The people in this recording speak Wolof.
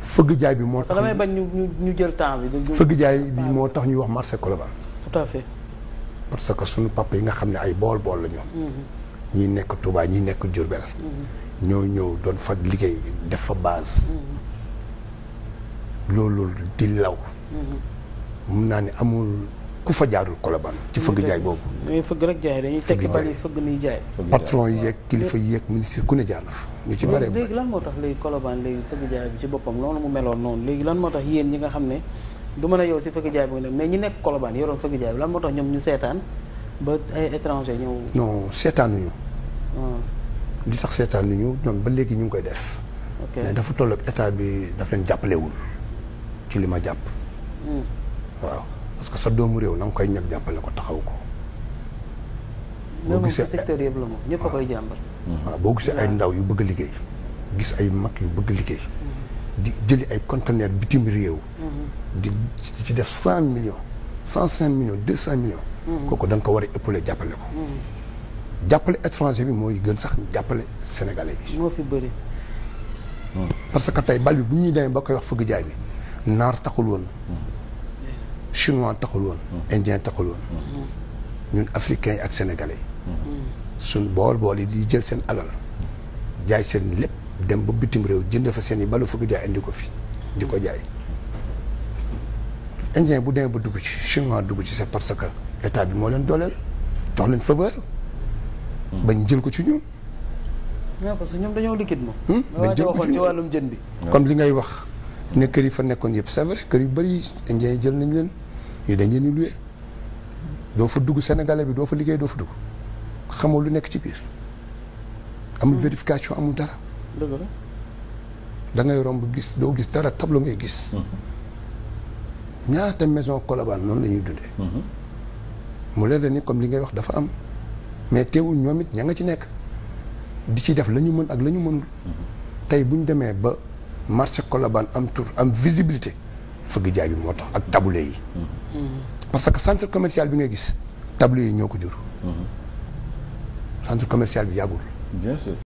fëgg jaay bi moo tax damay bañ ñu jël temps bi. fëgg jaay moo tax ñuy wax marché Colobane. tout à fait. parce que suñu papa yi nga xam ne ay bool bool la ñu. Mm-hmm. ñii nekk Touba ñii nekk Diourbel. Mm-hmm. ñoo ñëw doon fa liggéey def fa baas mm-hmm. loolu di law. mun naa ne amul. ku fa jaarul Colobane ci fëgg jaay boobu. dañuy fëgg rek jaay dañuy tekki ba fëgg ni jaay. patron yi kilifa yi yeeg ministre ku ne jaar fa. ñu ci bëree léegi lan moo tax léegi Colobane léegi fëgg jaay bi ci boppam mu meloon noonu léegi lan moo tax yéen ñi nga xam ne du mën a yow si fëgg jaay bi nga ne mais ñi nekk Colobane yoroon fëgg jaay bi lan moo tax ñoom ñu seetaan ba ay étranger ñëw. non seetaanuñu. Ah. li tax seetaanuñu ñoom ba léegi ñu ngi koy def. mais dafa toll ak état bi daf leen jàppalewul ci li ma jàpp. Hmm. waaw parce que sa doomu réew la nga koy ñag jàppale ko taxaw ko. boo ñëpp a ah. koy ah, boo gisee ay ndaw yu bëgg a liggéey gis ay mag yu bëgg liggéey. Mm-hmm. di jëli ay conteneur bitim réew. Mm-hmm. di ci def cent millions cent cinq millions deux cent millions. Mm-hmm. kooku da ko war a ëppale jàppale ko. jàppale étranger bi mooy gën sax jàppale sénégalais bi. Mm. parce que tey bal bi bu ñuy demee boo koy wax fëgg jaay bi naar taxul woon. Mm. chinois taxul woon. Mm-hmm. indien taxul woon. Mm-hmm. ñun africains yi ak sénégalais yi. Mm-hmm. suñ bool bool yi di jël seen alal jaay seen lépp dem ba bitim réew jënd fa seen i balu fukki jaay indi ko fi di ko jaay. indien bu demee ba dugg ci chinois dugg ci c'est parce que état bi moo leen dooleel jox leen faveur. bañ jël ko ci ñun. waaw que ñoom bañ hmm? jël ko ci ñun jën bi. comme li ngay wax. ne kër yi fa nekkoon yëpp c'est kër yu bëri indien jël nañ leen ñu dañ leen di doo fa dugg sénégalais bi doo fa liggéey doo fa dugg xamoo lu nekk ci biir. amul hmm. vérification amul dara. dëgg ngay romb gis doo gis dara tableau ngay gis. Hmm. ñaata maison Colobane noonu la ñuy hmm. mu leer la ni comme li ngay wax dafa am mais teewul ñoom it ña nga ci nekk di ci def lañu ñu mën ak la ñu mënul. tey bu demee ba. marché Colobane am tour am visibilité fëgg jaay bi moo tax ak tabule yi. Mm-hmm. parce que centre commercial bi ngay gis tablé yi ñoo ko jur. Mm-hmm. centre commercial bi yàggul.